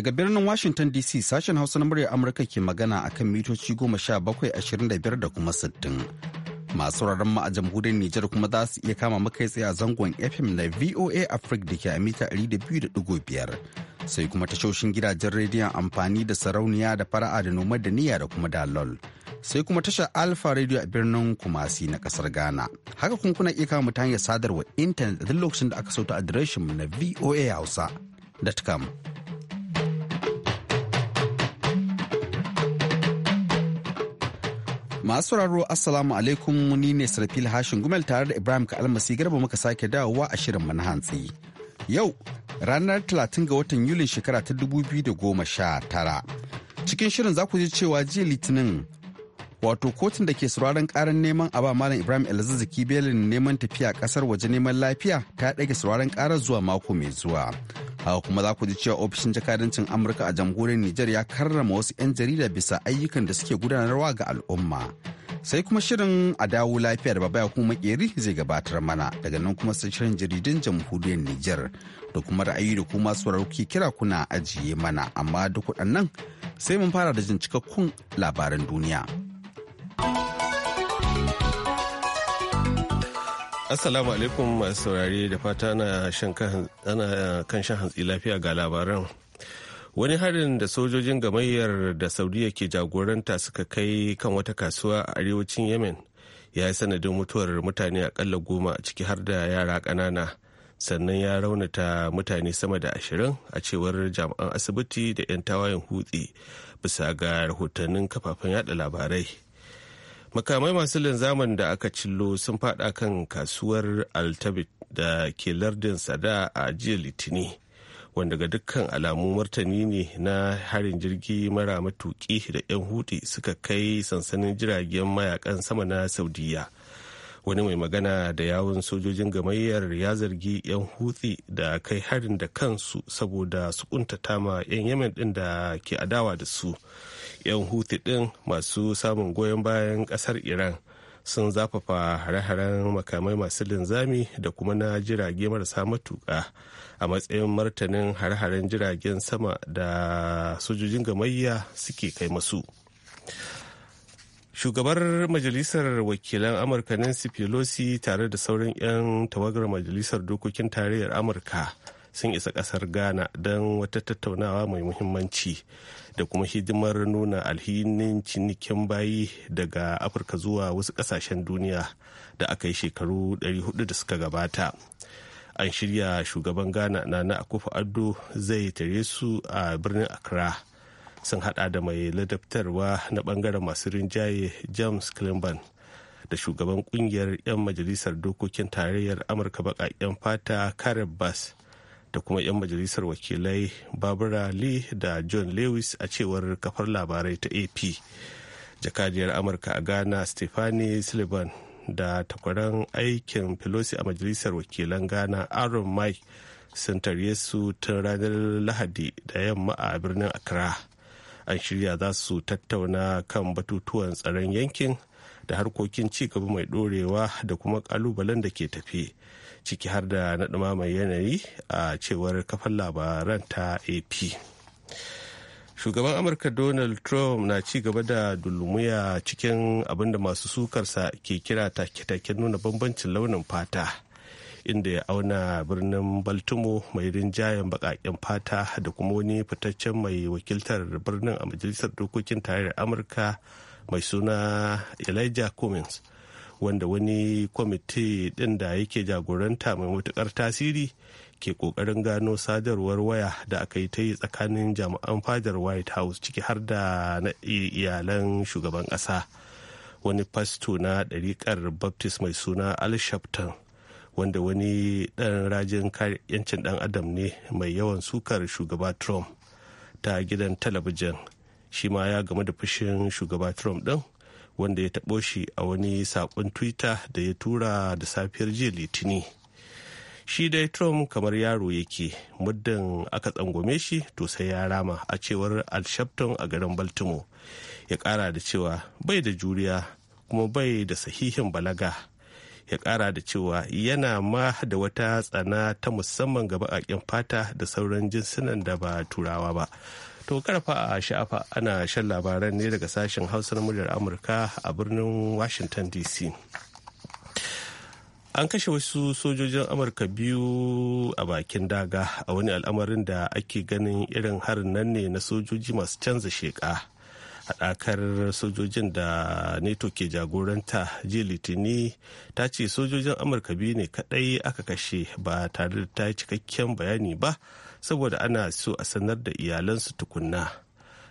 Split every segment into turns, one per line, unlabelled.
Daga birnin Washington DC sashen Hausa na muryar Amurka ke magana a kan mitoci goma sha bakwai ashirin da biyar da kuma sittin. Masu rarren ma a jamhuriyar Nijar kuma za su iya kama makai tsaye a zangon FM na VOA Africa da ke a mita ɗari da biyu da ɗigo biyar. Sai kuma tashoshin gidajen rediyon amfani da sarauniya da fara'a da noma da niyya da kuma dalol. Sai kuma tashar Alfa Radio a birnin Kumasi na kasar Ghana. Haka kun kuna iya kama ta hanyar sadarwa intanet a duk lokacin da aka sauta adireshinmu na voa voahausa.com. Masu sauraro Assalamu alaikum ni ne Sarfil Hashin Gumel tare da Ibrahim ka almasi Garba muka sake dawowa a shirin mana hantsi. Yau ranar 30 ga watan Yulin shekara ta 2019. Cikin shirin za ku ji cewa jiya Litinin wato kotun da ke sauraron karar neman a ba malam ibrahim elazizaki belin neman tafiya kasar waje neman lafiya ta ɗage sauraron karar zuwa mako mai zuwa haka kuma za ku ji cewa ofishin jakadancin amurka a jamhuriyar nijar ya karrama wasu 'yan jarida bisa ayyukan da suke gudanarwa ga al'umma sai kuma shirin a dawo lafiya da babaya kuma makeri zai gabatar mana daga nan kuma sai shirin jaridun jamhuriyar nijar da kuma ra'ayi da kuma sauraro kira kuna ajiye mana amma duk waɗannan sai mun fara da jin cikakkun labaran duniya.
Assalamu alaikum masu saurari da fata ana kan shan hantsi lafiya ga labaran. Wani harin da sojojin gamayyar da Saudiya ke jagoranta suka kai kan wata kasuwa a arewacin Yemen ya yi sanadin mutuwar mutane akalla goma a ciki har da yara ƙanana sannan ya raunata mutane sama da ashirin a cewar jami'an asibiti da 'yan tawayen hutsi bisa ga rahotannin kafafen yada labarai. makamai masu linzamin da aka cillo sun fada kan kasuwar altabit da ke lardin sada a jiya litini wanda ga dukkan alamu martani ne na harin jirgi mara matuki da 'yan hudu suka kai sansanin jiragen mayakan sama na saudiya wani mai magana da yawun sojojin gamayyar ya zargi 'yan hutsi da kai harin da kansu saboda su kuntata ma 'yan yamen din da ke adawa da su 'yan huti ɗin masu samun goyon bayan ƙasar iran sun zafafa hare-haren makamai masu linzami da kuma na jirage marasa matuƙa a matsayin martanin hare-haren jiragen sama da sojojin gamayya suke kai masu shugabar majalisar wakilan amurka nancy pelosi tare da sauran 'yan tawagar majalisar dokokin tarayyar amurka sun isa kasar ghana don wata tattaunawa mai muhimmanci da kuma hidimar nuna alhinin cinikin bayi daga afirka zuwa wasu kasashen duniya da aka yi shekaru 400 da suka gabata an shirya shugaban ghana na akufa addo zai tare su a birnin accra sun hada da mai ladabtarwa na bangaren masu rinjaye james clinton da shugaban kungiyar 'yan majalisar dokokin tarayyar amurka baƙaƙen fata karen bass da kuma 'yan majalisar wakilai barbara lee da john lewis a cewar kafar labarai ta ap jakadiyar amurka a ghana stephanie sullivan da takwaran aikin pelosi a majalisar wakilan ghana aaron mike sun tarye su tun ranar lahadi da yamma a birnin accra an shirya za su tattauna kan batutuwan tsaron yankin da harkokin ci gaba mai dorewa da kuma kalubalen da ke tafi ciki har da na mai yanayi a cewar kafan labaran ta ap shugaban amurka donald trump na ci gaba da dulmuya cikin abinda masu sukarsa ke kira take take nuna bambancin launin fata inda ya auna birnin baltimo mai rinjayen bakaken fata da kuma wani fitaccen mai wakiltar birnin a majalisar dokokin tarayyar amurka mai suna elijah cummins wanda wani kwamiti din da yake jagoranta mai matuƙar tasiri ke ƙoƙarin gano sadarwar waya da aka yi ta yi tsakanin jami'an fadar white house ciki har da na iyalan shugaban ƙasa wani fasto na ɗariƙar baptist mai suna al wanda wani ɗan rajin yancin ɗan adam ne mai yawan sukar shugaba trump ta gidan talabijin shi ma ya game da fushin shugaba trump ɗin wanda ya taɓo shi a wani saƙon twitter da ya tura da safiyar jiya litini shi dai trump kamar yaro yake muddin aka tsangwame shi to sai ya rama a cewar al a garin baltimore ya ƙara da cewa bai da juriya kuma bai da sahihin balaga ya ƙara da cewa yana ma da wata tsana ta musamman ga baƙaƙen fata da sauran jinsunan da ba turawa ba To karfa a sha'afa ana shan labaran ne daga sashen Hausa na muryar Amurka a birnin Washington DC. An kashe wasu sojojin Amurka biyu a bakin daga a wani al'amarin da ake ganin irin harin nan ne na sojoji masu canza sheka haɗakar sojojin da neto ke jagoranta jiya litini ta ce sojojin amurka biyu ne kaɗai aka kashe ba tare da ta yi cikakken bayani ba saboda ana so a sanar da iyalansu tukunna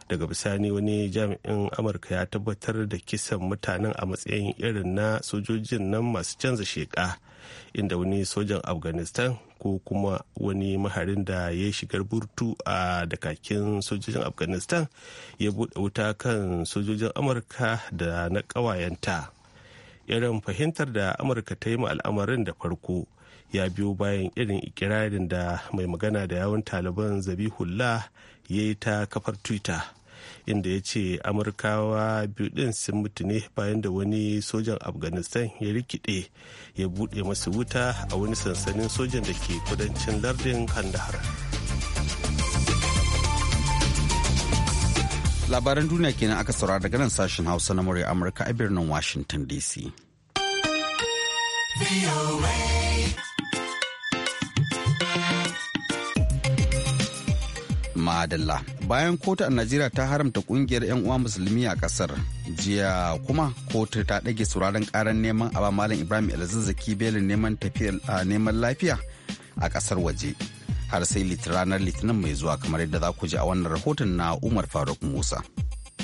daga bisani wani jami'in amurka ya tabbatar da kisan mutanen a matsayin irin na sojojin nan masu canza sheka inda wani sojan afghanistan ko kuma wani maharin da ya shigar burtu a dakakin sojojin afghanistan ya buɗe wuta kan sojojin amurka da na ƙawayenta irin fahimtar da amurka ta yi ma al'amarin da farko ya biyo bayan irin ikirarin da mai magana da yawon taliban zabihullah ya yi ta kafar twitter inda ya ce amurkawa biyu din sun mutu ne bayan da wani sojan afghanistan ya rikide ya buɗe masu wuta a wani sansanin sojan da ke kudancin lardin kandahar labaran duniya kenan aka saura daga nan sashen hausa na
murya amurka a birnin washington dc Madalla. Bayan kotu a Najeriya ta haramta kungiyar 'yan uwa musulmi a kasar. Jiya kuma kotu ta ɗage sauraron karar neman aba Malam Ibrahim Elzazzaki belin neman neman lafiya a kasar waje. Har sai ranar litinin mai zuwa kamar yadda za ku ji a wannan rahoton na Umar Faruk Musa.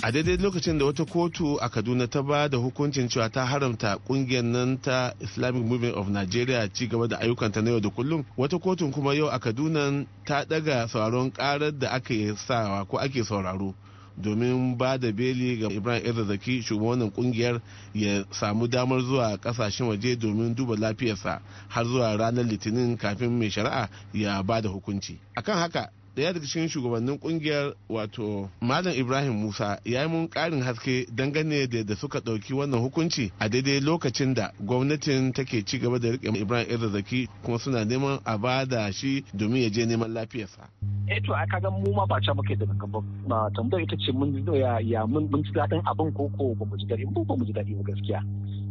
a daidai lokacin da wata kotu a kaduna ta ba da hukuncin cewa ta haramta kungiyar nan ta islamic movement of nigeria ci gaba da ayyukanta na yau da kullum wata kotun kuma yau a kaduna ta daga sauraron karar da ake sawa ko ake sauraro domin ba da beli ga ibrahim ezazaki shugaban kungiyar ya samu damar zuwa kasashen waje domin duba lafiyarsa har zuwa ranar litinin kafin mai shari'a ya ba da hukunci akan haka daya daga cikin shugabannin kungiyar wato malam ibrahim musa ya yi mun karin haske dangane da da suka dauki wannan hukunci a daidai lokacin da gwamnatin take ci gaba da rike ibrahim irzaki kuma suna neman a ba shi domin ya je neman lafiyarsa
eh to aka ga mu ma ba ce muke da gaba ba tambayar ita ce mun ya ya mun mun ji abin ko ko ba mu ji dadi ba mu ji dadi ba gaskiya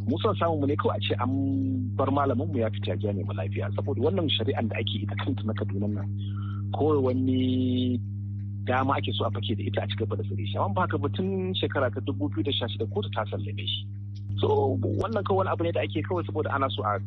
mu son mu ne kawai a ce an bar malamin mu ya fita ya neman lafiya saboda wannan shari'an da ake ita kanta na Kaduna nan kawai wani dama ake so a fake da ita a cikin da tsare shi amma haka ba tun shekara ta dubu biyu da sha shida kotu ta sallame shi so wannan kawai abu ne da ake kawai saboda ana so a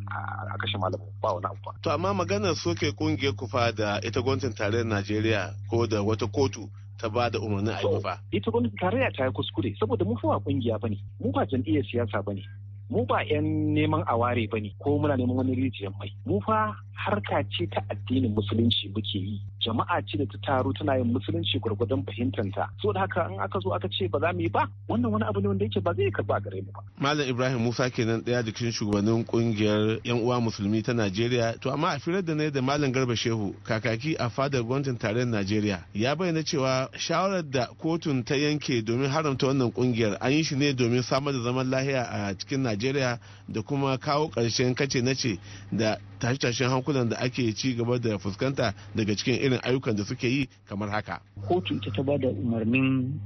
kashe malamu
ba wani abu to amma maganar soke kungiyar kufa da ita gwamnatin tarayyar najeriya ko da wata kotu ta ba da umarnin a yi ba.
Ita gwamnatin tarayya ta yi kuskure saboda mu fa kungiya ba ne, mu ba jam'iyyar siyasa ba ne, mu ba 'yan neman aware ba ne ko muna neman wani rijiyar mai. Mu fa harka ce ta addinin musulunci muke yi jama'a ce da ta taru tana yin musulunci gwargwadon fahimtar ta so da haka in aka zo aka ce ba za mu yi ba wannan wani abu ne wanda yake ba zai
karba a gare mu ba
malam ibrahim musa kenan daya jikin shugabannin kungiyar yan uwa musulmi ta najeriya to amma a firar da ne da malam garba shehu kakaki a fadar gwamnatin tarayyar najeriya ya bayyana cewa shawarar da kotun ta yanke domin haramta wannan kungiyar an yi shi ne domin samar da zaman lahiya a cikin najeriya da kuma kawo karshen kace na ce da tashe-tashen hankulan da ake ci gaba da fuskanta daga cikin irin ayyukan da suke yi kamar haka.
Kotu ta ta da umarnin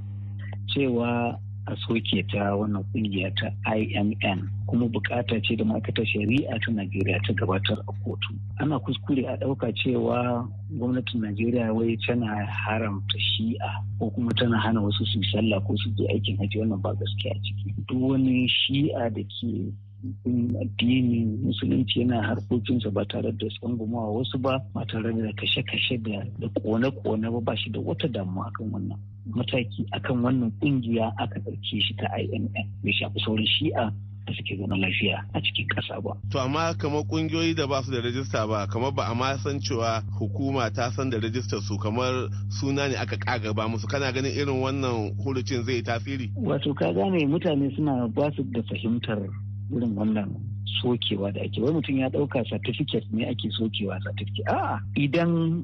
cewa a soke ta wannan kungiya ta IMN kuma bukata ce da ma'aikatar shari'a ta Najeriya ta gabatar a kotu. Ana kuskure a ɗauka cewa gwamnatin Najeriya wai tana haramta shi'a ko kuma tana hana wasu su sallah ko su je aikin hajji wannan ba gaskiya ciki. Duk wani shi'a da ke addini musulunci yana harkokinsa ba tare da tsangumawa wasu ba ba tare da kashe-kashe da kone-kone ba ba shi da wata damuwa akan wannan mataki akan wannan kungiya aka ɗauke shi ta IMF bai shafi sauran shi'a da suke zama lafiya a cikin ƙasa ba.
To amma kamar ƙungiyoyi da ba su da rajista ba kamar ba a ma san cewa hukuma ta san da rajistar su kamar suna ne aka ba musu kana ganin irin wannan hurucin zai tasiri. Wato
ka gane mutane suna ba su da fahimtar irin wannan sokewa da ake wai mutum ya ɗauka certificate ne ake sokewa certificate a idan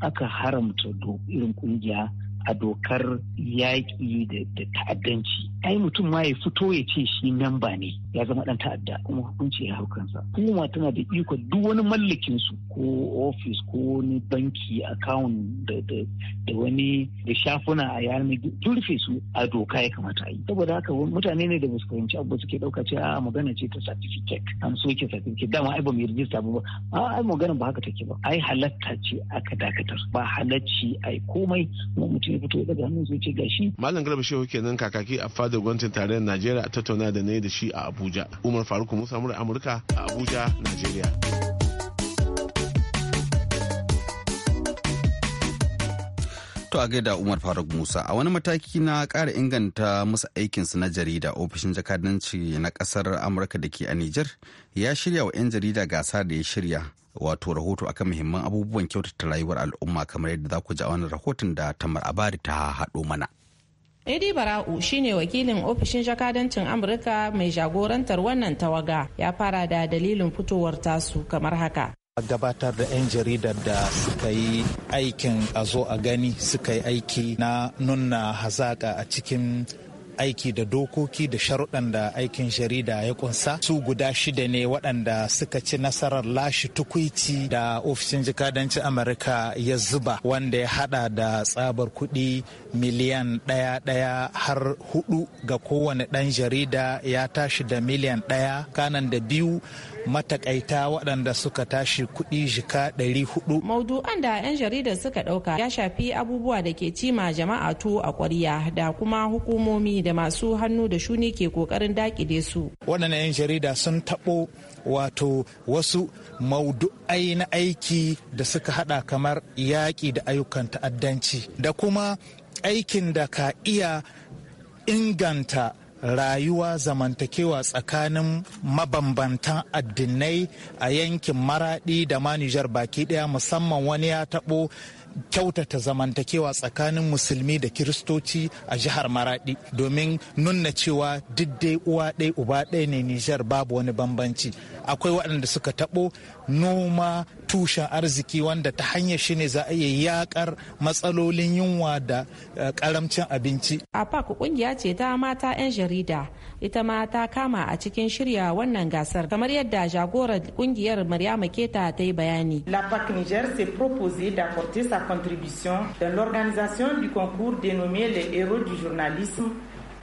aka haramta irin kungiya a dokar yaƙi da ta'addanci ai mutum ma ya fito ya ce shi memba ne ya zama ɗan ta'adda kuma hukunci ya haukansa kansa hukuma tana da iko duk wani mallakin su ko ofis ko wani banki account da wani da shafuna a yanar turfe su a doka ya kamata a yi saboda haka mutane ne da basu fahimci abu suke ɗauka ce a magana ce ta certificate an soke certificate dama ai ba mu rijista ba a ai magana ba haka take ba ai halatta ce aka dakatar ba halacci ai komai mutum ya fito daga hannun su ce gashi
malam garba shehu kenan kakaki a fadar gwamnatin tarayyar najeriya a tattauna da na da shi a abuja umar faruk musa mura amurka a abuja najeriya
To a gaida Umar Faruk Musa a wani mataki na ƙara inganta musu aikinsu na jarida ofishin jakadanci na ƙasar Amurka da ke a Nijar ya shirya wa 'yan jarida gasa da ya shirya wato rahoto akan muhimman abubuwan kyautata rayuwar al'umma kamar yadda za ku ji a wannan rahoton da tamar abari ta haɗo mana.
Edi Bara'u shine wakilin ofishin jakadancin Amurka mai jagorantar wannan tawaga ya fara da dalilin fitowar tasu kamar haka.
gabatar da 'yan jaridar da suka yi aikin a zo a gani suka yi aiki na nuna hazaƙa a cikin aiki da dokoki da sharuɗan da aikin jarida ya kunsa su guda shida ne waɗanda suka ci nasarar lashe tukuici da ofishin jikadanci amurka ya zuba wanda ya hada da tsabar kuɗi miliyan ɗaya ɗaya har hudu ga kowane ɗan jarida ya tashi da miliyan ɗaya kanan da biyu matakaita waɗanda suka tashi kuɗi jika ɗari hudu.
Maudu'an da 'yan jaridar suka ɗauka ya shafi abubuwa da ke cima jama'a tuwo a ƙwarya da kuma hukumomi da masu hannu da shuni ke ƙoƙarin dakile su.
Waɗanda 'yan jarida sun taɓo wato wasu maudu'ai na aiki da suka haɗa kamar yaƙi da ayyukan ta'addanci da kuma aikin da ka iya inganta rayuwa zamantakewa tsakanin mabambantan addinai a yankin maradi da ma Nijar baki daya musamman wani ya taɓo kyautata zamantakewa tsakanin musulmi da kiristoci a jihar maradi domin nuna cewa duk uwa ɗaya uba ɗaya ne nijar babu wani bambanci akwai waɗanda suka taɓo noma tushen arziki wanda ta hanyar shi ne za a iya yakar matsalolin yunwa da karamcin eh, abinci.
a park kungiya ce ta mata 'yan jarida ita ma ta kama a cikin shirya wannan gasar kamar yadda jagorar kungiyar maryama keta ta yi bayani. la pac niger se proposé d'apporter sa contribution dans l'organisation du concours dénommé les héros du journalisme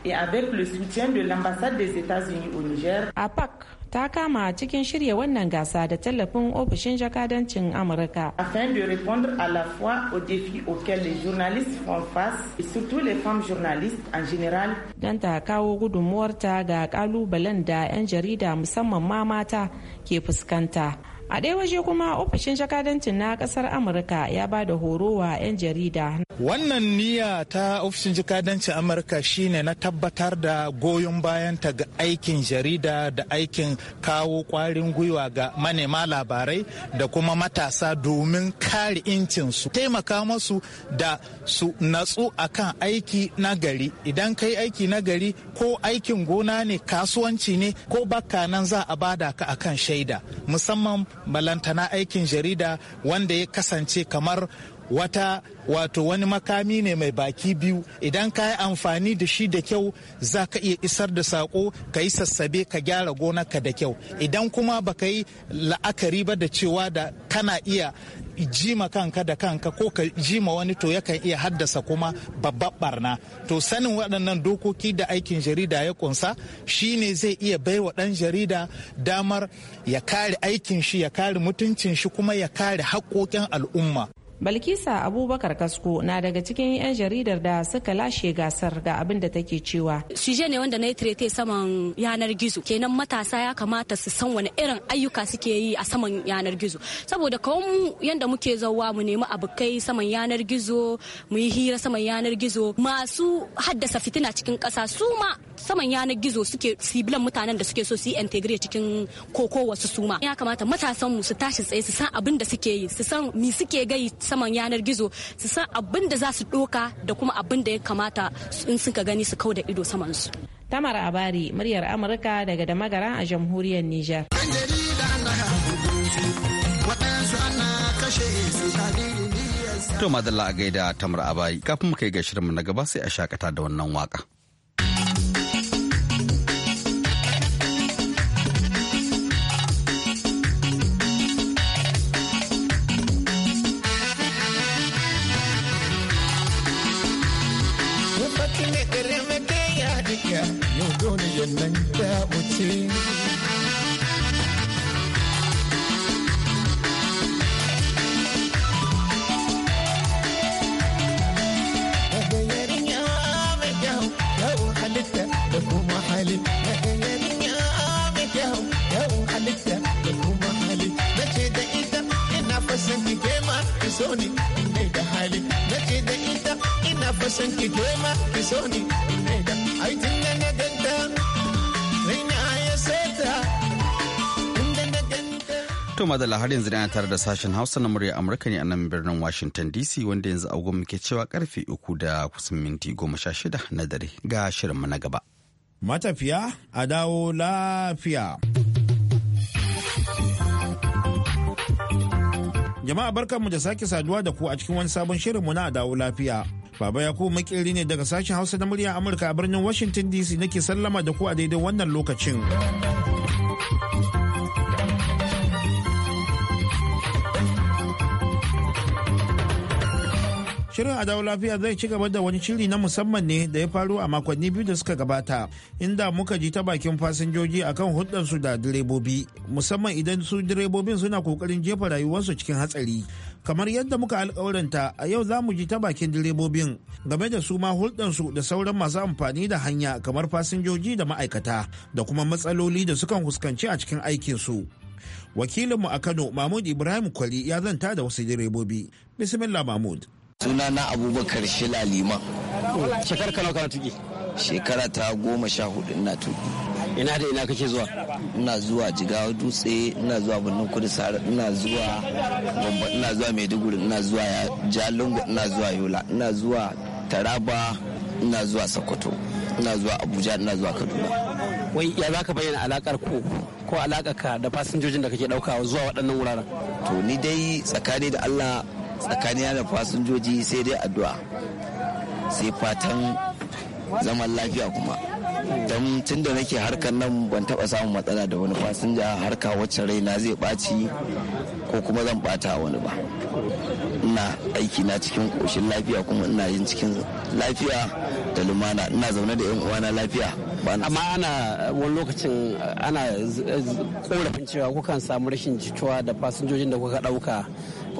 et avec le soutien de l'ambassade des États-Unis au Niger. A PAC ta kama cikin shirya wannan gasa da tallafin ofishin jakadancin Amurka. Afin de répondre à la fois aux défis auxquels les journalistes font face et surtout les femmes journalistes en général. Don ta kawo gudunmuwarta ga kalubalen da 'yan jarida musamman ma mata ke fuskanta. a ɗaya waje kuma ofishin jakadancin na ƙasar amurka ya ba da horo wa 'yan jarida
wannan niyya ta ofishin jakadancin amurka shine na tabbatar da goyon bayan ta ga aikin jarida da aikin kawo kwarin gwiwa ga manema labarai da kuma matasa domin kare incinsu taimaka masu da su natsu akan aiki na gari idan kai aiki na gari ko aikin gona ne kasuwanci ne ko bakka nan za a bada ka akan shaida musamman balantana aikin jarida wanda ya kasance kamar wata wato wani makami ne mai baki biyu idan ka yi amfani da shi da kyau za ka iya isar da sako ka yi sassabe ka gyara gonarka da kyau idan kuma baka yi la'akari ba da cewa da kana iya jima kanka da kanka ko ka jima wani to yakan iya haddasa kuma babbar barna to sanin waɗannan dokoki da aikin jarida ya kunsa shine zai iya baiwa ɗan jarida damar ya kare aikin shi ya kare mutuncin shi kuma ya kare haƙƙoƙin al'umma
Balkisa Abubakar Kasko na daga cikin 'yan jaridar da suka lashe gasar ga abin da take cewa. Suje
ne wanda na yi trete saman yanar gizo. Kenan matasa ya kamata su san wani irin ayyuka suke yi a saman yanar gizo. Saboda kawai yadda muke zauwa mu nemi abokai saman yanar gizo, mu yi hira saman yanar gizo. Masu haddasa fitina cikin kasa su ma saman yanar gizo suke sibilan mutanen da suke so su yi integrate cikin koko wasu suma. Ya kamata matasan mu su tashi tsaye su san abin da suke yi, su san mi suke gai saman yanar gizo su san abin da za su doka da kuma abin da ya kamata in suka gani su kau da ido saman su.
Tamara Abari, muryar Amurka daga Damagara a jamhuriyar Nijar.
To madalla a gaida Tamara Abari, kafin mu kai ga shirinmu na gaba sai a shakata da wannan waka. madalla har yanzu yana tare da sashen hausa na murya amurka ne a nan birnin washington dc wanda yanzu agogon muke cewa karfe uku da kusan minti goma sha shida na dare ga shirinmu na gaba matafiya
a dawo lafiya jama'a barkanmu da sake saduwa da ku a cikin wani sabon shirin mu na dawo lafiya Baba Yakubu makeri ne daga sashen Hausa na murya Amurka a birnin Washington DC nake sallama da ku a daidai wannan lokacin. Shirin adawar Lafiya zai ci gaba da wani shiri na musamman ne da ya faru a makonni biyu da suka gabata, inda muka ji ta bakin fasinjoji akan hulɗarsu da direbobi, musamman idan su direbobin suna kokarin jefa rayuwarsu cikin hatsari. Kamar yadda muka alkawaranta a yau za mu ji ta bakin direbobin game da su ma hulɗarsu da sauran masu amfani da hanya kamar fasinjoji da ma'aikata da kuma matsaloli da sukan fuskanci a cikin aikinsu. Wakilinmu a Kano, Mahmud Ibrahim Kwali ya zanta da wasu direbobi. Bismillah Mahmud. Suna na Abubakar
Shila Liman. Shekar ka kana tuki? Shekara ta goma sha hudu ina tuki. Ina da ina kake zuwa? Ina zuwa Jigawa Dutse, ina zuwa Birnin Kudu Sare, ina zuwa Gombe, ina zuwa Maiduguri, ina zuwa Jalingo, ina zuwa Yola, ina zuwa Taraba, ina zuwa Sokoto, ina zuwa Abuja, ina zuwa Kaduna.
Wai ya za ka bayyana alakar ku ko alakar ka da fasinjojin da kake dauka zuwa waɗannan wuraren?
To ni dai tsakani da Allah tsakanina da fasinjoji sai dai addu'a sai fatan zaman lafiya kuma don tun da nake harkar nan ban taba samun matsala da wani fasinja harka wacce raina zai ɓaci ko kuma zan ɓata wani ba ina aiki na cikin ƙoshin lafiya kuma ina yin cikin lafiya da lumana ina zaune da yan uwana lafiya amma ana
wani lokacin ana korafin cewa kukan samu rashin jituwa da fasinjojin da kuka ɗauka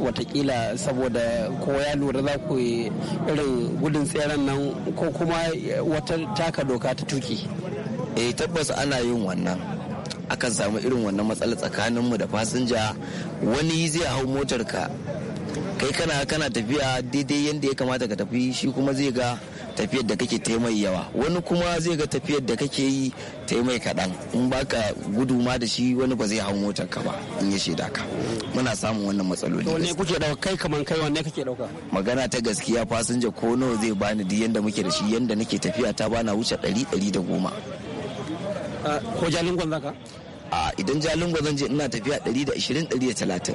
watakila saboda ko ya lura za ku yi irin
gudun tseren nan ko kuma wata taka doka ta tuki E, tabbas ana yin wannan akan samu irin wannan matsala tsakaninmu da fasinja wani zai hau motar ka kai kana kana tafiya daidai yadda ya kamata ka tafi shi kuma zai ga tafiyar da kake taimai yawa wani kuma zai ga tafiyar da kake yi taimai kaɗan in baka gudu ma da shi wani ba zai hau motar ka ba in ya shaida ka muna samun wannan matsaloli wanne
kuke dauka kai kaman kai wanne kake dauka
magana ta gaskiya fasinja ko nawa zai bani duk yanda muke da shi yanda nake tafiya ta bana wuce ɗari ɗari da goma ko jalingon zaka a idan jalingo zan je ina tafiya 120-130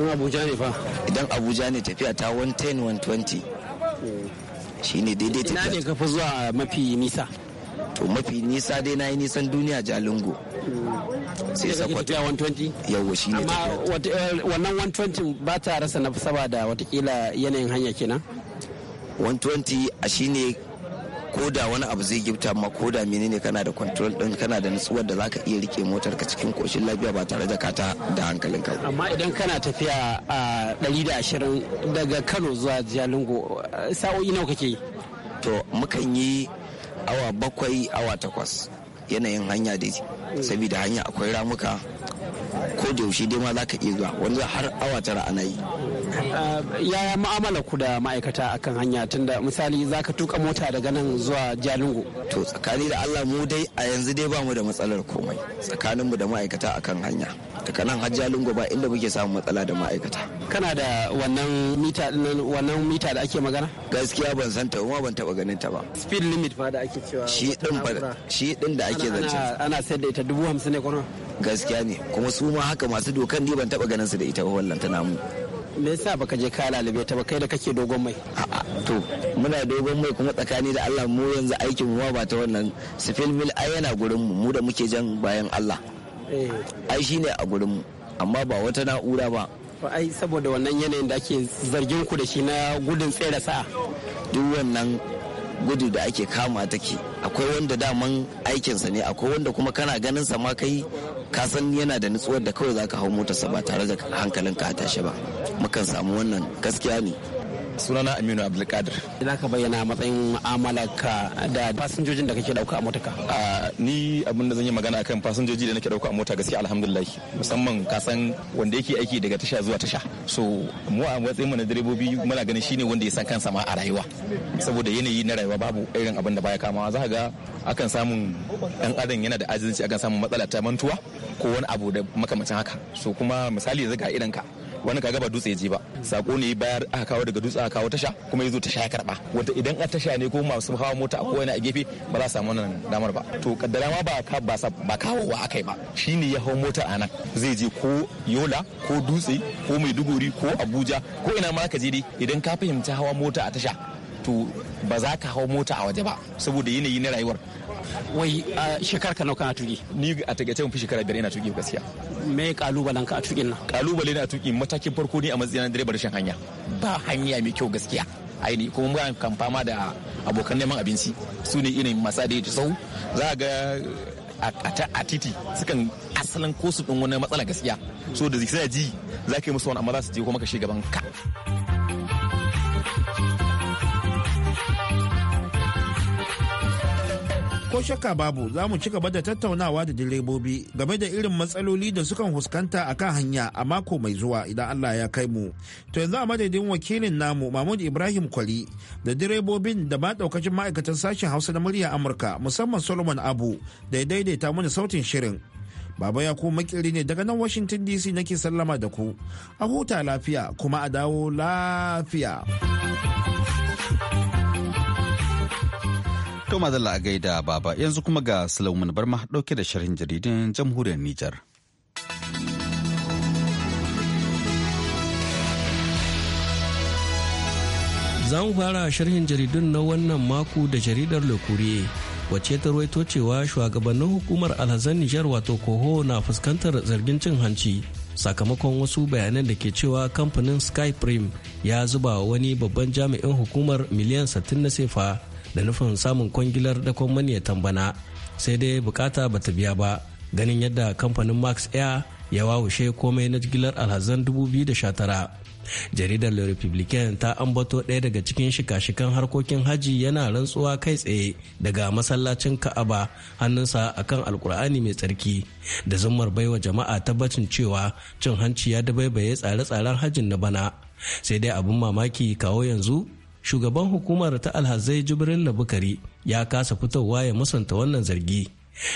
idan abuja ne fa idan abuja ne tafiya ta 110-120 shi ne daidai tafiya ina ne ka fi zuwa mafi nisa to mafi nisa dai na yi nisan duniya jalingo hmm. sai sakwato ya 120 yawo shi
ne amma
eh, wannan 120 ba ta rasa na saboda watakila
yanayin hanya kenan 120 a shi ne koda wani abu zai gifta amma koda da ne kana da control din kana da nutsuwar da zaka iya rike motar ka cikin koshin lafiya ba tare da kata da hankalin ka
amma idan kana tafiya a da ashirin daga Kano zuwa Jalingo
sa'o'i nawa kake to mukan yi awa bakwai awa takwas yanayin hanya dai saboda hanya akwai ramuka ko da yaushe dai ma zaka iya zuwa wanda har awa tara ana yi Eh, ya mu'amala ku da
ma'aikata akan hanya tunda misali zaka tuka mota daga nan zuwa
jalingo to tsakani da allah mu dai a yanzu dai ba mu da matsalar komai tsakanin mu da ma'aikata akan hanya daga nan har jalingo ba inda muke samun matsala da ma'aikata kana da wannan mita wannan mita da ake magana gaskiya ban san ta kuma ban taba ganin ta ba
speed limit fa da ake cewa shi din
shi din da ake zance ana sayar da ita dubu hamsin ne kuma gaskiya ne kuma su ma haka masu dokan ne ban taba ganin su da ita wallan tana mu me yasa baka je ka lalube ta ba kai da kake dogon mai to muna dogon mai kuma tsakani da Allah mu yanzu aikin mu ba ta wannan sifil mil ai yana gurin mu mu da muke jan bayan Allah eh. ai shine a gurin mu amma ba wata na'ura ba ai saboda wannan yanayin da ake zargin ku da shi na gudun tsere sa duk wannan gudu da ake kama take akwai wanda daman aikinsa ne akwai wanda kuma kana ganin sa ma kai ka san yana da nutsuwar da kawai zaka hau motarsa ba tare da hankalinka a tashi ba mukan samu wannan gaskiya ne sunana aminu abdulkadir
ina ka bayyana matsayin mu'amalarka
da fasinjojin da kake dauka a motarka a
ni abin da zan yi magana akan fasinjoji da nake dauka a mota gaskiya alhamdulillah musamman ka san wanda yake aiki daga tasha zuwa tasha so mu a matsayin mu na direbobi muna ganin shine wanda ya san kansa ma a rayuwa saboda yanayi na rayuwa babu irin abin da baya kamawa za ga akan samun dan adam yana da azinci akan samun matsala ta mantuwa ko wani abu da makamancin haka so kuma misali yanzu ga idan ka wani kaga ba dutse je ba sako ne bayar aka kawo daga dutse aka kawo tasha kuma ya zo tasha ya karba wanda idan a tasha ne ko masu hawa mota a kowane a gefe ba za su samu wannan damar ba to kaddara ma ba ka ba ba kawowa akai ba shine ya hawo mota a nan zai je ko yola ko dutse ko maiduguri ko abuja ko ina ma ka je dai idan ka fahimci hawa mota a tasha to ba za ka hau mota a waje ba saboda yanayi na rayuwar wai shekar ka nauka a tuki ni a tagace mun fi shekara biyar ina tuki gaskiya me kalubalen ka a tukin nan kalubale na tuki matakin farko ne a matsayin direba rashin hanya ba hanya mai kyau gaskiya aini kuma muna kan fama da abokan neman abinci su ne irin masa da sau za ga a titi sukan asalin ko su ɗin wani matsala gaskiya so da zai ji za ka yi musu wani amma za su je kuma ka shi gaban ka
ko shakka babu za mu ci gaba da tattaunawa da direbobi game da irin matsaloli da sukan huskanta a kan hanya a mako mai zuwa idan Allah ya kai mu. To yanzu a madadin wakilin namu Mahmud Ibrahim Kwali da direbobin da ma daukacin ma'aikatan sashen Hausa na murya Amurka musamman Solomon Abu da ya daidaita mana sautin shirin. Baba ya ku makiri ne daga nan Washington DC nake sallama da ku. A huta lafiya kuma a dawo lafiya.
To madalla a gaida baba yanzu kuma ga Sulaiman Barma dauke da sharhin jaridun jamhuriyar Nijar. Za fara
sharhin jaridun na wannan mako da jaridar lokuri wace ta ruwaito cewa shugabannin hukumar alhazan nijar wato koho na fuskantar zargin cin hanci sakamakon wasu bayanan da ke cewa kamfanin skyprim ya zuba wani babban jami'in hukumar miliyan 60 na sefa da nufin samun kwangilar dakon maniyatan bana sai dai bukata ba ta biya ba ganin yadda kamfanin max air ya wawushe komai na jigilar alhazan 2019 jaridar republican ta ambato ɗaya daga cikin shika-shikan harkokin haji yana rantsuwa kai tsaye daga masallacin ka'aba hannunsa akan alkur'ani mai tsarki da zummar baiwa jama'a tabbacin cewa cin hanci ya dabaibaye tsare-tsaren hajin na bana sai dai abin mamaki kawo yanzu shugaban hukumar ta alhazai jibril bukari ya kasa fitowa ya musanta wannan zargi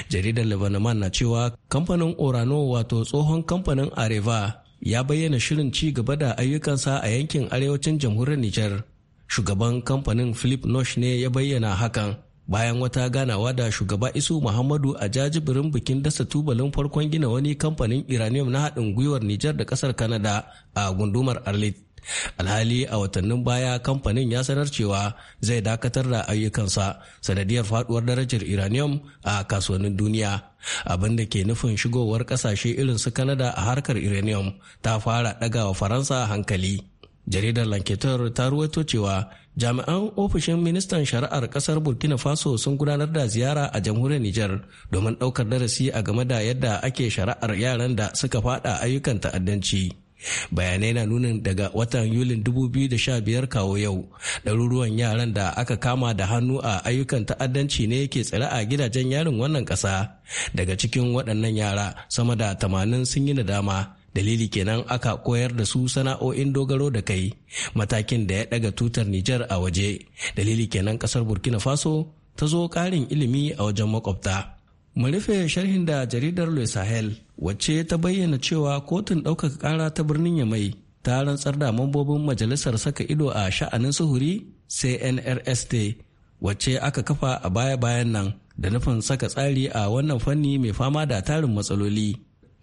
jaridar lebanon na cewa kamfanin orano wato tsohon kamfanin areva ya bayyana shirin ci gaba da ayyukansa a yankin arewacin jamhuriyar nijar shugaban kamfanin philip nosh ne ya bayyana hakan bayan wata ganawa da shugaba isu muhammadu a jajibirin bikin dasa tubalin farkon gina wani kamfanin iranium na haɗin gwiwar nijar da ƙasar Kanada a gundumar arlit alhali a watannin baya kamfanin ya sanar cewa zai dakatar da ayyukansa sanadiyar faduwar darajar uranium a kasuwannin duniya abin da ke nufin shigowar kasashe irin su kanada a harkar uranium ta fara dagawa faransa hankali jaridar lanketar ta ruwaito cewa jami'an ofishin ministan shari'ar kasar burkina faso sun gudanar da ziyara a jamhuriyar nijar domin ɗaukar darasi a game da yadda ake shari'ar yaran da suka fada ayyukan ta'addanci bayanai na nunin daga watan yulin 2015 kawo yau ɗaruruwan yaran da aka kama da hannu a ayyukan ta'addanci ne ke tsira a gidajen yarin wannan ƙasa daga cikin waɗannan yara sama da 80 sun yi nadama dalili kenan aka koyar da su sana'o'in dogaro da kai matakin da ya ɗaga tutar nijar a waje dalili kenan ƙasar burkina faso ta zo ƙarin ilimi a wajen makwabta. Mu rufe sharhin da jaridar Louis Sahel wacce ta bayyana cewa kotun ɗaukaka ƙara ta birnin Yamai ta rantsar da mambobin majalisar saka ido a sha'anin suhuri CNRST wacce aka kafa a baya-bayan nan da nufin saka tsari a wannan fanni mai fama da tarin matsaloli.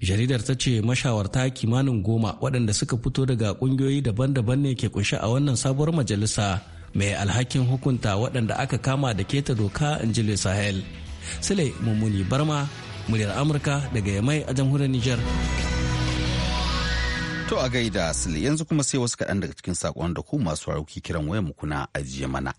Jaridar ta ce mashawarta kimanin goma waɗanda suka fito daga ƙungiyoyi daban-daban ne ke kunshi a wannan sabuwar majalisa mai alhakin hukunta waɗanda aka kama da keta doka in Sahel. Sule Mummuni Barma, muryar Amurka daga Yamai a jamhuriyar Nijar.
To a gaida Sule yanzu kuma sai wasu kaɗan daga cikin saƙon da ku masu rauki kiran wayar kuna ajiye mana.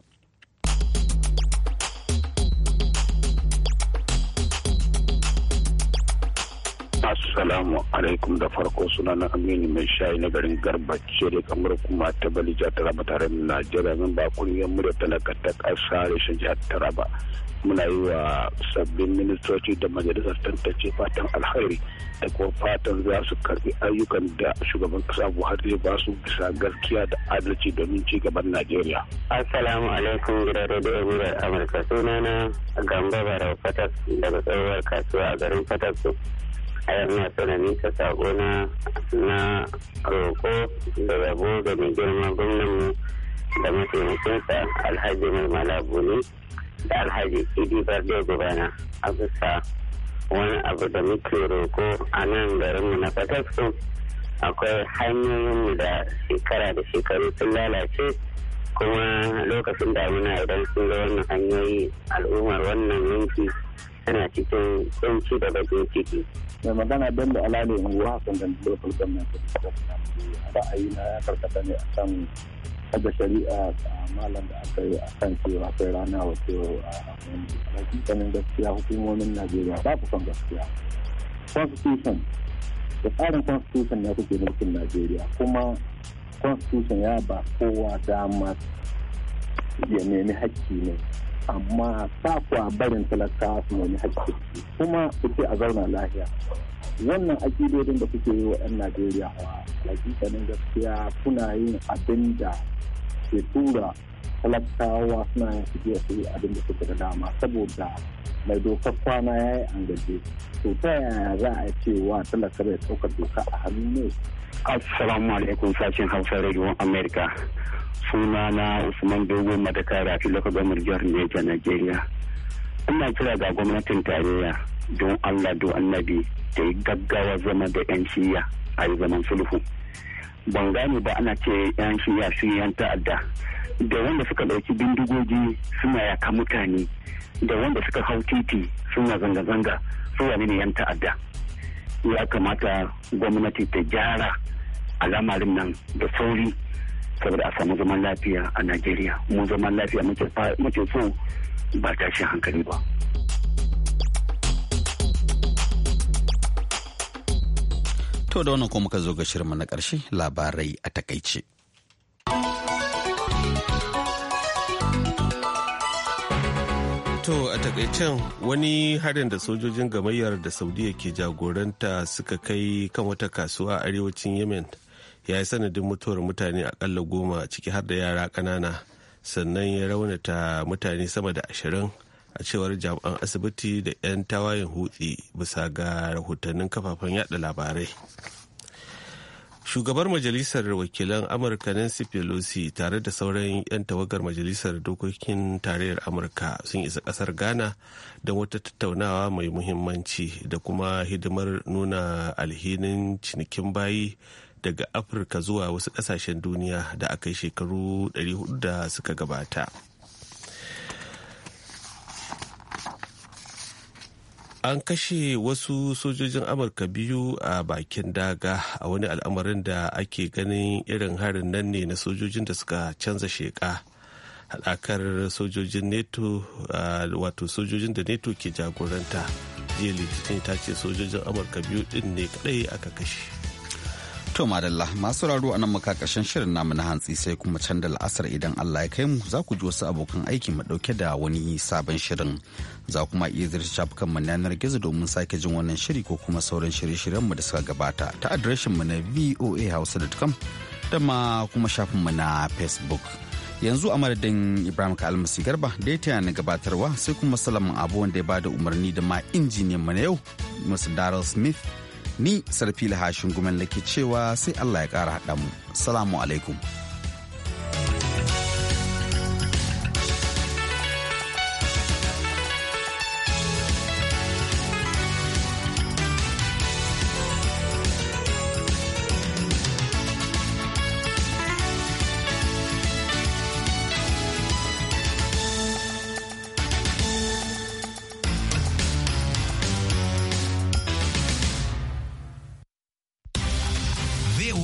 Assalamu alaikum da farko suna na Aminu mai shayi na garin Garba ce da kamar kuma ta jihar Taraba tare da Najeriya min ba kungiyar murya talaka ta kasa reshen jihar Taraba. Muna yi wa sabbin ministoci da majalisar tantance fatan alheri da kuma fatan za su karbi ayyukan da shugaban kasa Buhari zai ba su bisa gaskiya da adalci domin ci gaban Najeriya.
Assalamu
alaikum da Radio Amurka sunana Gamba Barau Fatas daga tsohuwar kasuwa a garin Fatas na tsanani ta sako na na roƙo da rabo da mai girma gwamnanmu da mataimakinsa alhaji mai malabuni da alhaji idi barde gubana a bisa wani abu da muke roƙo a nan garinmu na fataksu akwai hanyoyinmu da shekara da shekaru sun lalace kuma lokacin damuna idan sun ga wannan hanyoyi al'ummar wannan yanki tana cikin
tsanci da bakin ciki. mai magana don da ala ne unguwa hakan da local government ra'ayi na ya karkata ne a kan haɗa shari'a a malam da aka yi a kan cewa kai rana wato a hakikanin gaskiya hukumomin najeriya
ba ku son gaskiya constitution da tsarin constitution ya kuke mulkin najeriya kuma constitution ya ba kowa dama ya nemi hakki ne amma ta kuwa barin talakawa su wani haƙƙi kuma su ce a zauna lahiya wannan akidodin da kuke yi wa 'yan najeriya a hakikanin gaskiya kuna yin abin da ke tura
talakawa suna yin su su yi abin da suke da dama saboda mai dokar kwana ya yi an gaje to ta yaya za a cewa talaka bai ɗaukar doka a hannu ne
assalamu alaikum sashen hausa rediyon america suna na usman dogo madaka rafi local government jihar neja nigeria ina kira ga gwamnatin tarayya don allah don annabi da yi gaggawa zama da yan shiya a yi zaman sulhu ban gane ba ana ce yan shiya sun yan ta'adda da wanda suka ɗauki
bindigogi
suna yaka mutane da wanda suka hau titi suna zanga-zanga su ne yan ta'adda ya kamata gwamnati ta gyara alamarin nan da sauri saboda a samu zaman lafiya a najeriya mu zaman
lafiya muke so ba tashi hankali ba
to da wannan kuma ka zo ga shirma na
ƙarshe labarai a takaice a takaicen wani harin da sojojin gamayyar da Saudiya ke jagoranta suka kai kan wata kasuwa a arewacin Yemen ya yi sanadin mutuwar mutane akalla goma ciki har da yara ƙanana sannan ya raunata mutane sama da ashirin a cewar jami'an asibiti da 'yan tawayen hutsi bisa ga rahotannin kafafen yada labarai shugabar majalisar wakilan amurka nancy pelosi tare da sauran 'yan tawagar majalisar dokokin tarayyar amurka sun isa kasar ghana don wata tattaunawa mai muhimmanci da kuma hidimar nuna alhinin cinikin bayi daga afirka zuwa wasu kasashen duniya da aka yi shekaru 400 da suka gabata an kashe wasu sojojin amurka biyu a bakin daga a wani al'amarin da ake ganin irin harin nan ne na sojojin da suka canza sheka haɗakar sojojin neto wato sojojin da neto ke jagoranta jiya litinin ta ce sojojin amurka biyu ɗin ne kaɗai aka kashe To
madalla masu raro a nan muka shirin namu na hantsi sai kuma can da la'asar idan Allah ya kai mu za ku ji wasu abokan aiki mu dauke da wani sabon shirin. Za kuma iya zirta shafukan mu yanar gizo domin sake jin wannan shiri ko kuma sauran shirye-shiryen mu da suka gabata ta adireshin mu na voahausa.com da ma kuma shafin mu na Facebook. yanzu a madadin ibrahim kalmasi garba da ya taya na gabatarwa sai kuma salamin abu wanda ya bada umarni da ma injiniyan mu na yau mr darrell smith ni sarfila hashin gumen lake cewa sai allah ya kara haɗa mu salamu alaikum